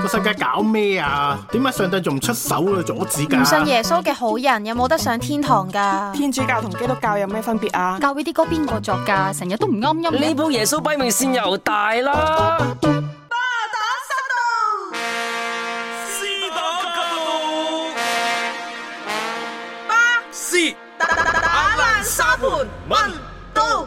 個世界搞咩啊？點解上帝仲唔出手去阻止噶？唔信耶穌嘅好人有冇得上天堂噶？天主教同基督教有咩分別啊？教會啲歌邊個作噶？成日都唔啱音。呢鋪耶穌擺明線又大啦！巴打殺到施打救，巴施打爛沙盤，問到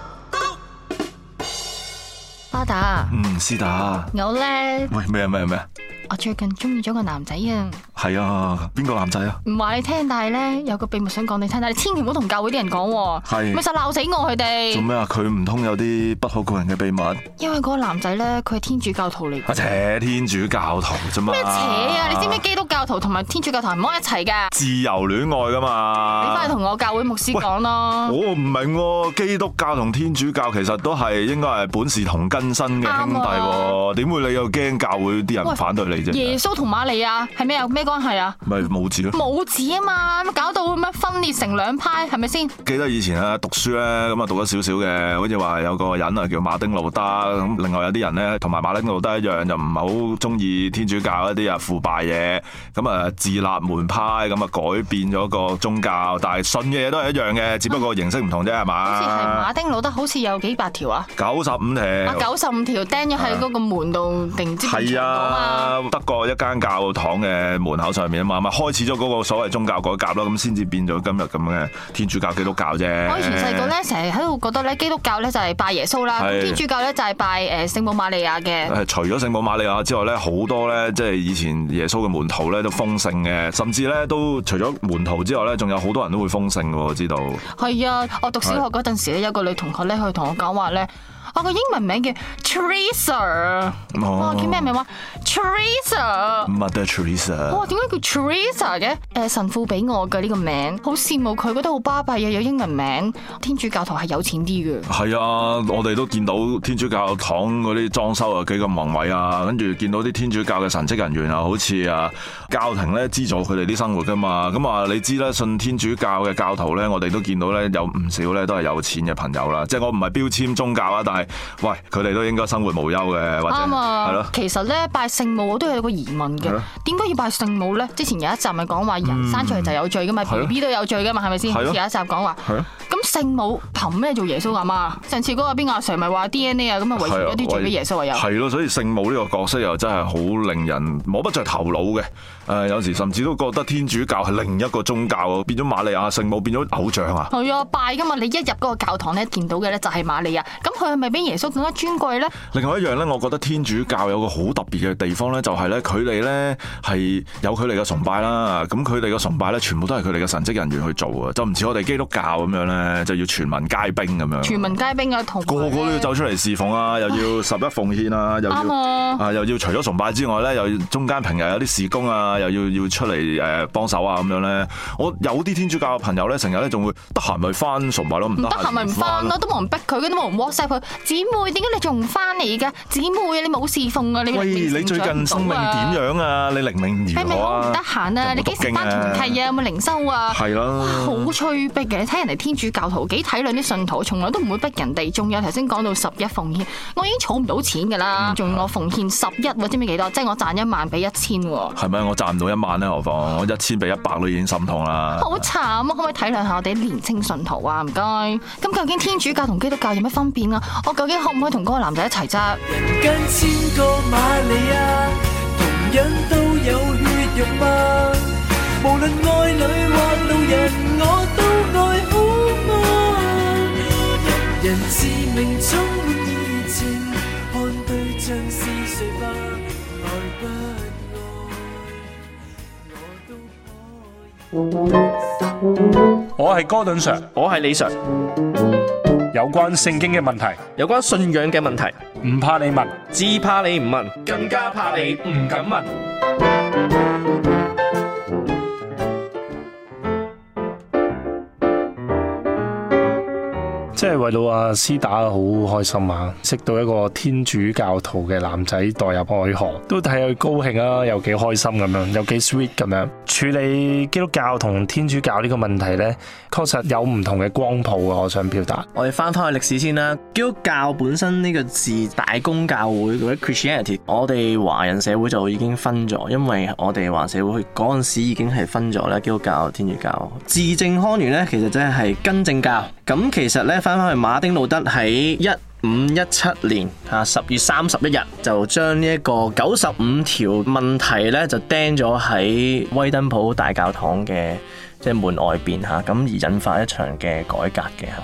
巴打嗯施打，我咧喂咩啊咩啊咩啊！我最近中意咗個男仔啊！係啊，邊個男仔啊？唔話你聽，但係咧，有個秘密想講你聽，但係你千祈唔好同教會啲人講喎。係咪就鬧死我佢哋？做咩啊？佢唔通有啲不可告人嘅秘密？因為嗰個男仔咧，佢係天主教徒嚟。邪、啊、天主教徒啫嘛？咩邪啊？啊你知唔知基督教徒同埋天主教徒唔可以一齊噶？自由戀愛噶嘛？你翻去同我教會牧師講咯。我唔明、啊、基督教同天主教其實都係應該係本是同根生嘅兄弟、啊、點、欸啊、會你又驚教會啲人反對你啫？耶穌同瑪利亞係咩啊？咩？關係啊，咪冇字咯，冇字啊嘛，搞到乜分裂成兩派，係咪先？記得以前咧讀書咧，咁啊讀咗少少嘅，好似話有個人啊叫馬丁路德，咁另外有啲人咧同埋馬丁路德一樣，就唔係好中意天主教一啲啊腐敗嘢，咁啊自立門派，咁啊改變咗個宗教，但係信嘅嘢都係一樣嘅，只不過形式唔同啫，係嘛？好似係馬丁路德好似有幾百條啊？九十五條啊，九十五條釘咗喺嗰個門度，定之係啊，德國一間教堂嘅門考上面啊嘛，咪開始咗嗰個所謂宗教改革啦，咁先至變咗今日咁嘅天主教基督教啫。我以前細個咧，成日喺度覺得咧，基督教咧就係拜耶穌啦，是天主教咧就係拜誒聖母瑪利亞嘅。除咗聖母瑪利亞之外咧，好多咧即係以前耶穌嘅門徒咧都封聖嘅，甚至咧都除咗門徒之外咧，仲有好多人都會封聖嘅。我知道。係啊，我讀小學嗰陣時咧，是有個女同學咧，佢同我講話咧。我個英文名叫 Teresa 哇、oh, 哦、叫咩名話 Teresa 乜都係 Teresa 哇，點解叫 Teresa 嘅？誒，神父俾我嘅呢個名，好羨慕佢，覺得好巴閉，又有英文名，天主教徒係有錢啲嘅。係啊，我哋都見到天主教堂嗰啲裝修啊幾咁宏偉啊，跟住見到啲天主教嘅神職人員啊，好似啊教廷咧資助佢哋啲生活噶嘛。咁啊你知啦，信天主教嘅教徒咧，我哋都見到咧有唔少咧都係有錢嘅朋友啦。即、就、係、是、我唔係標籤宗教啊，但係。喂，佢哋都應該生活無憂嘅，或者係咯。嗯啊啊、其實咧拜聖母，我都有一個疑問嘅，點解、啊、要拜聖母咧？之前有一集咪講話人生出嚟就有罪噶嘛，B B 都有罪噶嘛，係咪先？而、啊、有一集講話，咁聖、啊、母憑咩做耶穌阿媽？啊、上次嗰個邊個阿 Sir 咪話 D N A 啊，咁啊遺傳一啲罪俾耶穌啊？又係咯，所以聖母呢個角色又真係好令人摸不着頭腦嘅。誒、呃，有時甚至都覺得天主教係另一個宗教啊，變咗瑪利亞聖母變咗偶像啊。係啊，拜噶嘛，你一入嗰個教堂咧，見到嘅咧就係瑪利亞。咁佢係咪？比耶穌更加尊貴咧。另外一樣咧，我覺得天主教有個好特別嘅地方咧，就係咧，佢哋咧係有佢哋嘅崇拜啦。咁佢哋嘅崇拜咧，全部都係佢哋嘅神職人員去做啊。就唔似我哋基督教咁樣咧，就要全民皆兵咁樣。全民皆兵嘅同個個都要走出嚟侍奉啊，又要十一奉獻啊，又要啊，又要除咗崇拜之外咧，又要中間平日有啲事工啊，又要要出嚟誒幫手啊咁樣咧。我有啲天主教嘅朋友咧，成日咧仲會得閒咪翻崇拜咯，唔得閒咪唔翻咯，都冇人逼佢，都冇人 WhatsApp 佢。姊妹，點解你仲唔翻嚟噶？姊妹，你冇事奉啊？你喂，你，不不啊、你最近生命點樣啊？你零零二喎，我唔得閒啊！你幾時翻？係啊，有冇靈修啊？係咯是、啊，好催逼嘅。睇人哋天主教徒幾體諒啲信徒，從來都唔會逼人哋。仲有頭先講到十一奉獻，我已經儲唔到錢㗎啦。仲要我奉獻十一，我知唔知幾多？即係我賺一萬俾一千喎、啊。係咪？我賺唔到一萬咧，何況我一千俾一百都已經心痛啦。好慘、啊、可唔可以體諒下我哋年青信徒啊？唔該。咁究竟天主教同基督教有乜分別啊？究竟可唔可以同嗰個男仔一齊啫？人間千個瑪利亞，同樣都有血肉嘛。無論愛侶或路人，我都愛好嘛。人人自命充滿熱情，看對象是誰，不愛不愛，我都可以。我係哥頓 Sir，我係李 Sir。有關聖經嘅問題，有關信仰嘅問題，唔怕你問，只怕你唔問，更加怕你唔敢問。即係為到阿斯打好開心啊！識到一個天主教徒嘅男仔代入愛河，都睇佢高興啊，又幾開心咁樣，又幾 sweet 咁樣。處理基督教同天主教呢個問題呢，確實有唔同嘅光譜啊！我想表達。我哋翻返去歷史先啦，基督教本身呢個字大公教會或者 Christianity，我哋華人社會就已經分咗，因為我哋華人社會嗰陣時已經係分咗啦。基督教、天主教。自正康元呢，其實真係跟正教。咁其實咧，翻翻去馬丁路德喺一五一七年啊十月三十一日就將呢一個九十五條問題咧就釘咗喺威登堡大教堂嘅即係門外邊吓，咁、啊、而引發一場嘅改革嘅吓。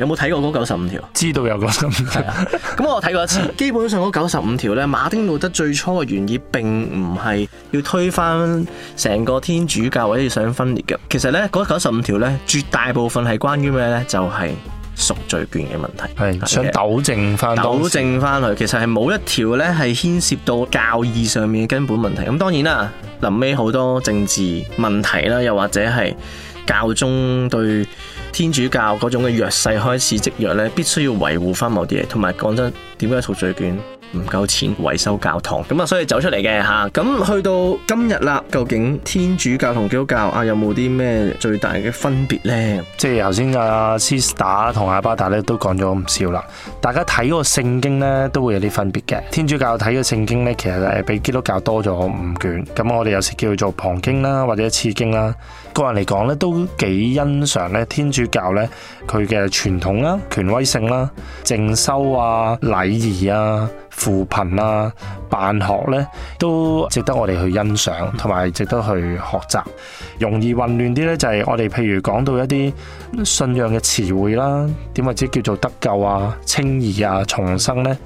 有冇睇過嗰九十五條？知道有個九十五條、 啊。咁我睇過一次。基本上嗰九十五條咧，馬丁路德最初嘅原意並唔係要推翻成個天主教或者想分裂嘅。其實呢，嗰九十五條咧，絕大部分係關於咩呢？就係、是、贖罪券嘅問題。係的的想糾正翻。糾正翻佢。其實係冇一條呢係牽涉到教義上面嘅根本問題。咁當然啦，臨尾好多政治問題啦，又或者係教宗對。天主教嗰種嘅弱勢開始積弱呢，必須要維護返某啲嘢，同埋講真，點解贖罪券？唔夠錢維修教堂，咁啊，所以走出嚟嘅吓。咁、啊、去到今日啦，究竟天主教同基督教啊，有冇啲咩最大嘅分別呢？即係頭先阿 Sister 同阿巴達咧都講咗唔少啦。大家睇嗰個聖經咧都會有啲分別嘅。天主教睇個聖經呢，其實係比基督教多咗五卷。咁我哋有時叫做旁經啦，或者次經啦。個人嚟講呢，都幾欣賞咧天主教呢，佢嘅傳統啦、啊、權威性啦、啊、靜修啊、禮儀啊。扶貧啦、啊，辦學呢都值得我哋去欣賞，同埋值得去學習。容易混亂啲呢，就係、是、我哋譬如講到一啲信仰嘅詞彙啦，點或者叫做得救啊、稱義啊、重生呢」，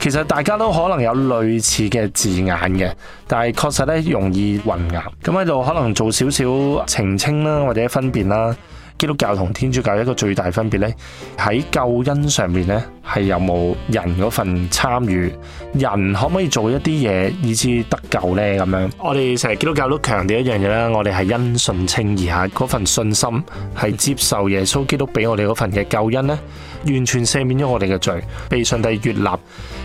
其實大家都可能有類似嘅字眼嘅，但係確實呢容易混淆。咁喺度可能做少少澄清啦，或者分辨啦。基督教同天主教一個最大分別呢，喺救恩上面呢，係有冇人嗰份參與？人可唔可以做一啲嘢以至得救呢？咁樣，我哋成日基督教都強調一樣嘢啦，我哋係因信稱義，下嗰份信心係接受耶穌基督俾我哋嗰份嘅救恩呢，完全赦免咗我哋嘅罪，被上帝悅納。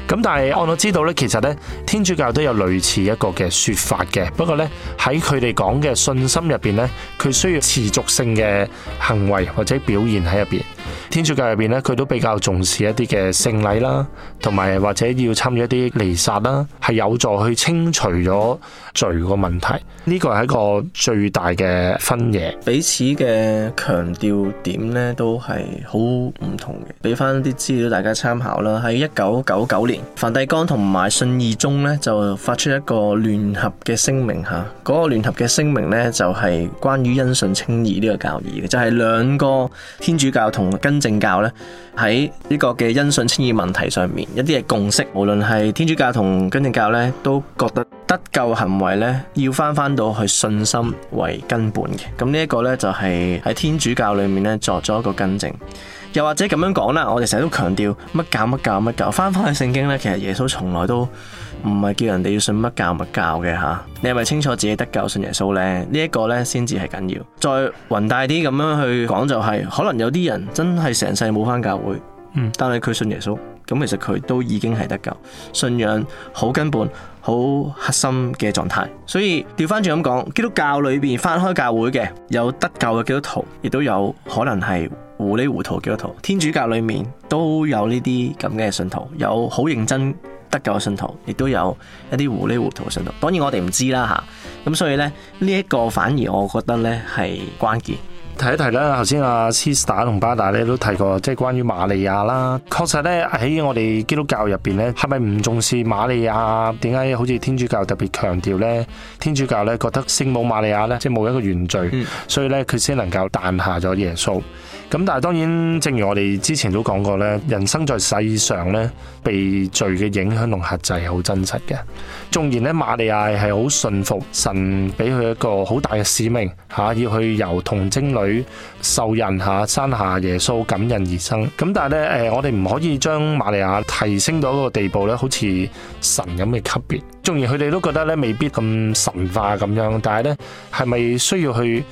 咁但係我我知道咧，其實咧，天主教都有類似一個嘅說法嘅，不過咧，喺佢哋講嘅信心入邊咧，佢需要持續性嘅行為或者表現喺入邊。天主教入邊咧，佢都比較重視一啲嘅聖禮啦，同埋或者要參與一啲彌撒啦，係有助去清除咗罪個問題。呢個係一個最大嘅分野，彼此嘅強調點咧都係好唔同嘅。俾翻啲資料大家參考啦。喺一九九九年，梵蒂岡同埋信義宗咧就發出一個聯合嘅聲明吓，嗰、那個聯合嘅聲明咧就係關於因信稱義呢個教義嘅，就係、是、兩個天主教同。更正教呢，喺呢個嘅因信稱義問題上面，一啲嘅共識，無論係天主教同更正教呢，都覺得得救行為呢，要翻翻到去信心為根本嘅。咁呢一個咧就係、是、喺天主教裏面呢，作咗一個更正。又或者咁樣講啦，我哋成日都強調乜教乜教乜教。翻翻去聖經呢，其實耶穌從來都唔係叫人哋要信乜教乜教嘅吓。你係咪清楚自己得救信耶穌呢？呢、這、一個呢，先至係緊要。再宏大啲咁樣去講，就是，就係可能有啲人真係成世冇翻教會，嗯，但係佢信耶穌，咁其實佢都已經係得救，信仰好根本、好核心嘅狀態。所以調翻轉咁講，基督教裏邊翻開教會嘅有得救嘅基督徒，亦都有可能係糊裏糊塗嘅信徒，天主教裏面都有呢啲咁嘅信徒，有好認真得救嘅信徒，亦都有一啲糊裏糊塗嘅信徒。當然我哋唔知啦吓，咁所以咧呢一，這個反而我覺得咧係關鍵。提一提啦，頭先阿 c a s 同巴達咧都提過，即係關於瑪利亞啦。確實咧喺我哋基督教入邊咧，係咪唔重視瑪利亞？點解好似天主教特別強調咧？天主教咧覺得聖母瑪利亞咧即係冇一個原罪，嗯、所以咧佢先能夠誕下咗耶穌。咁但係當然，正如我哋之前都講過咧，人生在世上咧，被罪嘅影響同限制係好真實嘅。縱然咧，瑪利亞係好信服神，俾佢一個好大嘅使命，吓、啊、要去由童貞女受孕，吓生下耶穌，感人而生。咁但係咧，誒，我哋唔可以將瑪利亞提升到一個地步咧，好似神咁嘅級別。縱然佢哋都覺得咧，未必咁神化咁樣，但係咧，係咪需要去？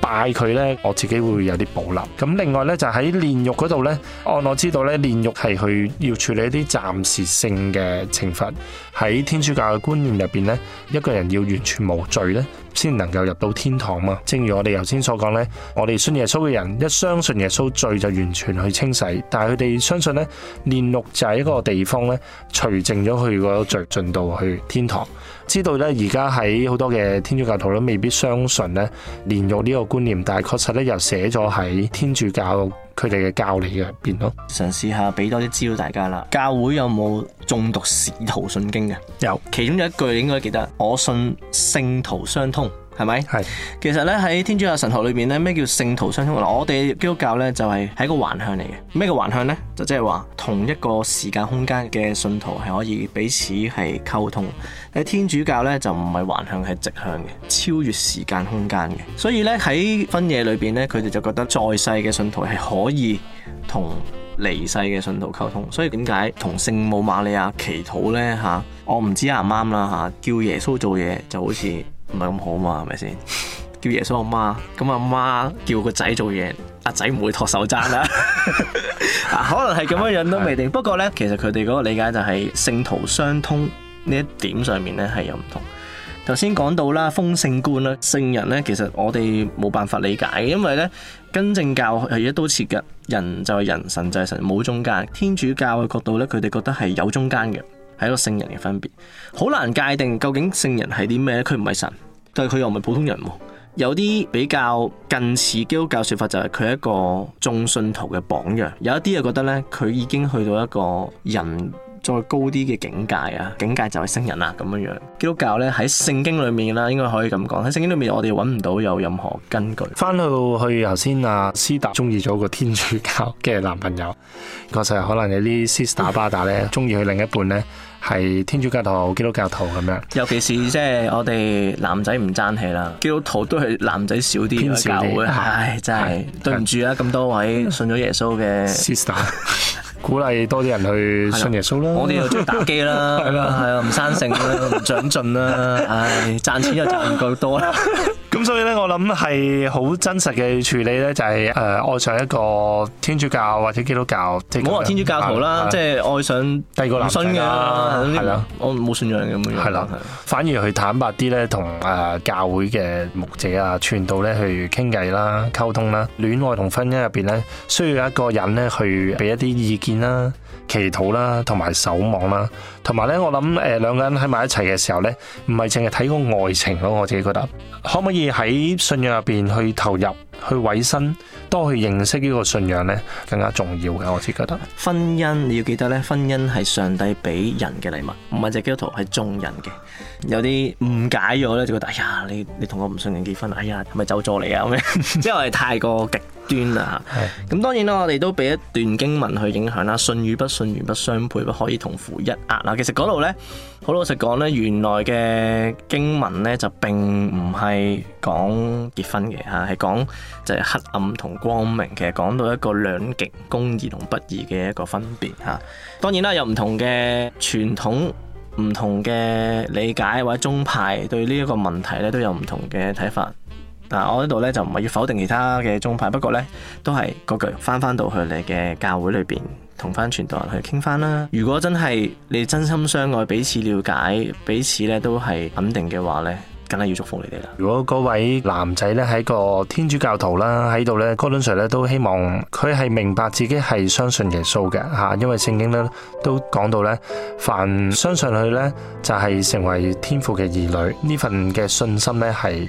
拜佢呢，我自己會有啲保留。咁另外呢，就喺、是、煉獄嗰度呢。按我知道呢，煉獄係去要處理一啲暫時性嘅懲罰。喺天主教嘅觀念入邊呢，一個人要完全無罪呢。先能夠入到天堂嘛？正如我哋頭先所講呢，我哋信耶穌嘅人一相信耶穌，罪就完全去清洗，但係佢哋相信呢，煉獄就喺一個地方呢，除淨咗佢個罪進到去天堂。知道呢，而家喺好多嘅天主教徒都未必相信呢，煉獄呢個觀念，但係確實呢，又寫咗喺天主教。佢哋嘅教理嘅入邊咯，嘗試下俾多啲資料大家啦。教會有冇重讀使徒信經嘅？有，其中有一句你應該記得，我信聖徒相通。係咪？係是其實咧，喺天主教神學裏邊咧，咩叫聖徒相通？嗱，我哋基督教咧就係喺個橫向嚟嘅。咩個橫向咧？就即係話同一個時間空間嘅信徒係可以彼此係溝通。喺天主教咧就唔係橫向，係直向嘅，超越時間空間嘅。所以咧，喺分野裏邊咧，佢哋就覺得在世嘅信徒係可以同離世嘅信徒溝通。所以點解同聖母瑪利亞祈禱咧？吓、啊，我唔知啱唔啱啦吓。叫耶穌做嘢就好似。唔係咁好嘛，係咪先？ 叫耶穌阿媽，咁阿媽叫個仔做嘢，阿仔唔會托手踭啦，啊 啊。可能係咁樣樣都未定。 不過呢，其實佢哋嗰個理解就係聖徒相通呢一點上面呢係有唔同。頭先講到啦，封聖觀啦，聖人呢，其實我哋冇辦法理解，因為呢，根正教係一刀切嘅。人就係人，神就係神，冇中間。天主教嘅角度呢，佢哋覺得係有中間嘅。係一個聖人嘅分別，好難界定，究竟聖人係啲咩咧？佢唔係神，但係佢又唔係普通人。有啲比較近似基督教說法就係佢係一個眾信徒嘅榜樣。有一啲就覺得咧，佢已經去到一個人再高啲嘅境界啊！境界就係聖人啦咁樣樣。基督教咧喺聖經裏面啦，應該可以咁講。喺聖經裏面，我哋揾唔到有任何根據。翻到去頭先阿斯達中意咗個天主教嘅男朋友，確實可能有啲 sister brother 咧中意佢另一半咧。係天主教徒、基督教徒咁樣，尤其是即係、就是、我哋男仔唔爭氣啦，基督徒都係男仔少啲天主教徒，唉，真係對唔住啊！咁多位信咗耶穌嘅 sister， 鼓勵多啲人去信耶穌啦。我哋又中意打機啦，係啦 的，係啊，唔生性啦，唔長進啦，唉、 哎，賺錢又賺唔夠多啦。 所以咧，我諗係好真實嘅處理咧、就是，就係誒愛上一個天主教或者基督教。唔好話天主教徒啦，即係對愛上生第二個男仔。的的信嘅係啦，我冇信仰嘅咁樣。係啦的，的反而去坦白啲咧，同誒教會嘅牧者啊、傳道咧去傾偈啦、溝通啦。戀愛同婚姻入邊咧，需要一個人咧去俾一啲意見啦、祈禱啦、同埋守望啦。同埋咧，我諗誒兩個人喺埋一齊嘅時候咧，唔係淨係睇個愛情咯。我自己覺得可唔可以？喺信仰入邊去投入、去委身、多去認識呢個信仰咧，更加重要嘅，我自己覺得，得。婚姻你要記得咧，婚姻係上帝俾人嘅禮物，唔係隻基督徒係眾人嘅。有啲誤解咗咧，就覺得哎呀，你你同我唔信人結婚，哎呀，係咪走咗嚟啊咁樣，即 係我係太過極。端啦咁是當然啦，我哋都俾一段經文去影響啦。信與不信，原不相配，不可以同負一軛啦。其實嗰度呢，好老實講呢，原來嘅經文呢，就並唔係講結婚嘅嚇，係講就係黑暗同光明。其實講到一個兩極，公義同不義嘅一個分別嚇。當然啦，有唔同嘅傳統，唔同嘅理解或者宗派對呢一個問題呢，都有唔同嘅睇法。嗱，我呢度咧就唔係要否定其他嘅宗派，不過呢，都係嗰句翻翻到去你嘅教會裏邊，同翻傳道人去傾翻啦。如果真係你真心相愛，彼此了解、彼此咧都係肯定嘅話呢，梗係要祝福你哋啦。如果嗰位男仔呢，喺個天主教徒啦，喺度呢，Colin Sir 咧都希望佢係明白自己係相信耶穌嘅，吓，因為聖經呢都講到呢，凡相信佢呢，就係成為天父嘅兒女，呢份嘅信心呢係。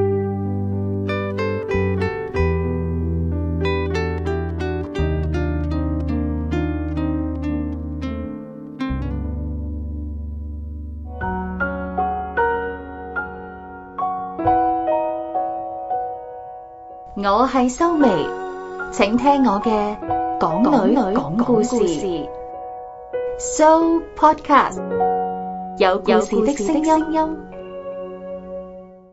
我係修眉，請聽我嘅港女講故事，So Podcast 有故事的聲音。